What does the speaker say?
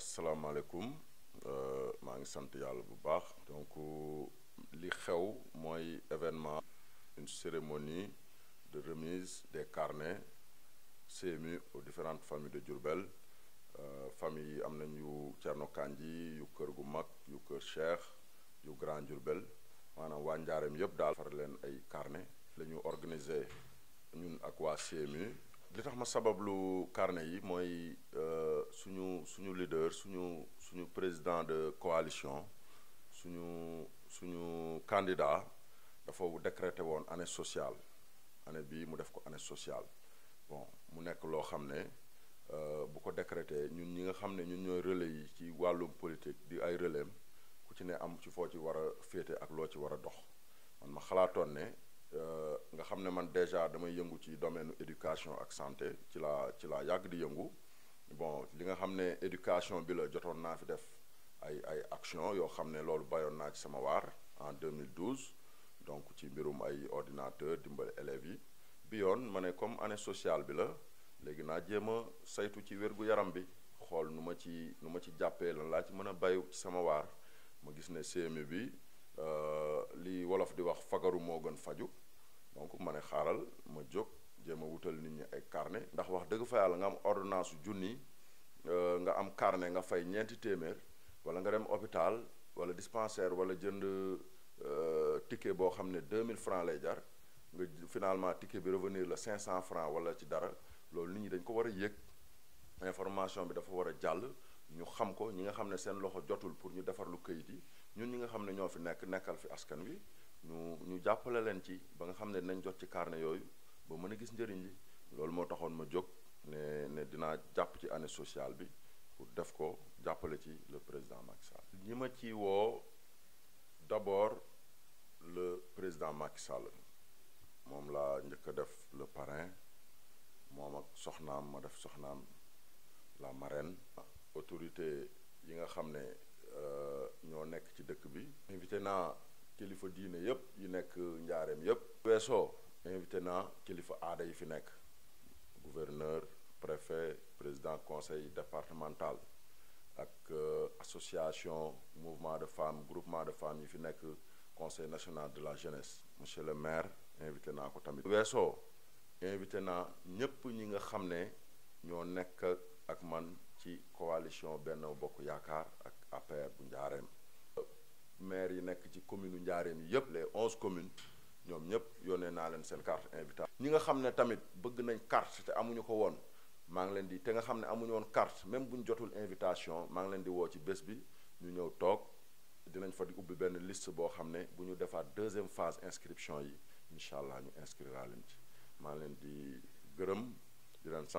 asalaamaaleykum euh, maa ngi sant yàlla bu baax donc li xew mooy événement une cérémonie de remise des carnets CMU aux différentes familles de Diourbel euh, famille yi am na yu Cerno Kanji yu Kër gu mag yu Kër Cheikh yu Grand Diourbel maanaam waa Njaareem yëpp daal far leen ay carnet la ñu organiser ñun ak waa CMU li tax ma sabablu carnet yi mooy euh, suñu suñu leader suñu suñu président de coalition suñu suñu candidat dafa décrété woon année sociale année bii mu def ko année sociale bon mu nekk loo xam ne euh, bu ko décrété ñun ñi nga xam ne ñun ñooy relais yi ci wàllum politique di ay relais ku ci ne am ci foo ci war a féete ak loo ci war a dox man ma xalaatoon ne euh, nga xam ne man déjà damay yëngu ci domaine éducation ak santé ci laa ci laa yàgg di yëngu bon li nga xam ne éducation bi la jotoon naa fi def ay ay action yoo xam ne loolu bayoon naa ci sama waar en 2012 donc ci mbirum ay ordinateur dimbali élèves yi bi yoon ma ne comme année sociale bi la léegi naa jéem a saytu ci wér-gu-yaram bi xool nu ma ci nu ma ci jàppee lan laa ci mën a bayu ci sama waar ma gis ne CMU bi euh, li wolof di wax fagaru moo gën faju donc ma ne xaaral fa yàlla nga am ordonnance junni euh, nga am carnet nga fay ñeenti téeméer wala nga dem hôpital wala dispensaire wala jënd euh, ticket boo xam ne mille francs lay jar nga finalement ticket bi revenir la 500 francs wala ci dara loolu nit ñi dañ ko war a yëg information bi dafa war a jàll ñu xam ko ñi nga xam ne seen loxo jotul pour ñu defar lu këyit yi ñun ñi nga xam ne ñoo fi nekk nekkal fi askan wi ñu ñu jàppale leen ci ba nga xam ne nañ jot ci carnet yooyu ba mën a gis njëriñ li loolu moo taxoon ma jóg ne ne dinaa jàpp ci année sociale bi pour def ko jàppale ci le président Macky Sall. ma ci woo d' abord le président Macky Sall moom laa njëkk a def le parrain moom ak soxnaam ma def soxnaam la marraine. autorité yi nga xam ne euh, ñoo nekk ci dëkk bi. invité naa kilifa diine yëpp yi nekk njaareem yëpp. weesoo invité naa kilifa aada yi fi nekk gouverneur. préfet président conseil départemental ak euh, association mouvement de femmes groupement de femmes yi fi nekk conseil national de la jeunesse monsieur le maire invité naa ko tamit weesoo invité naa ñépp ñi nga xam ne ñoo nekk ak man ci coalition Benno Bokk Yaakaar ak APR bu Njaareem maire yi nekk ci commune u Njaareem yi yépp les onze communes ñoom ñépp yónnee naa leen seen carte invité ñi nga xam ne tamit bëgg nañ carte te amuñu ko woon maa ngi leen di te nga xam ne amuñu woon carte même buñ jotul invitation maa ngi leen di woo ci bés bi ñu ñëw toog dinañ fa di ubbi benn liste boo xam ne bu ñu defaat deuxième phase inscription yi incha allah ñu inscrira leen ci maa ngi leen di gërëm di leen sant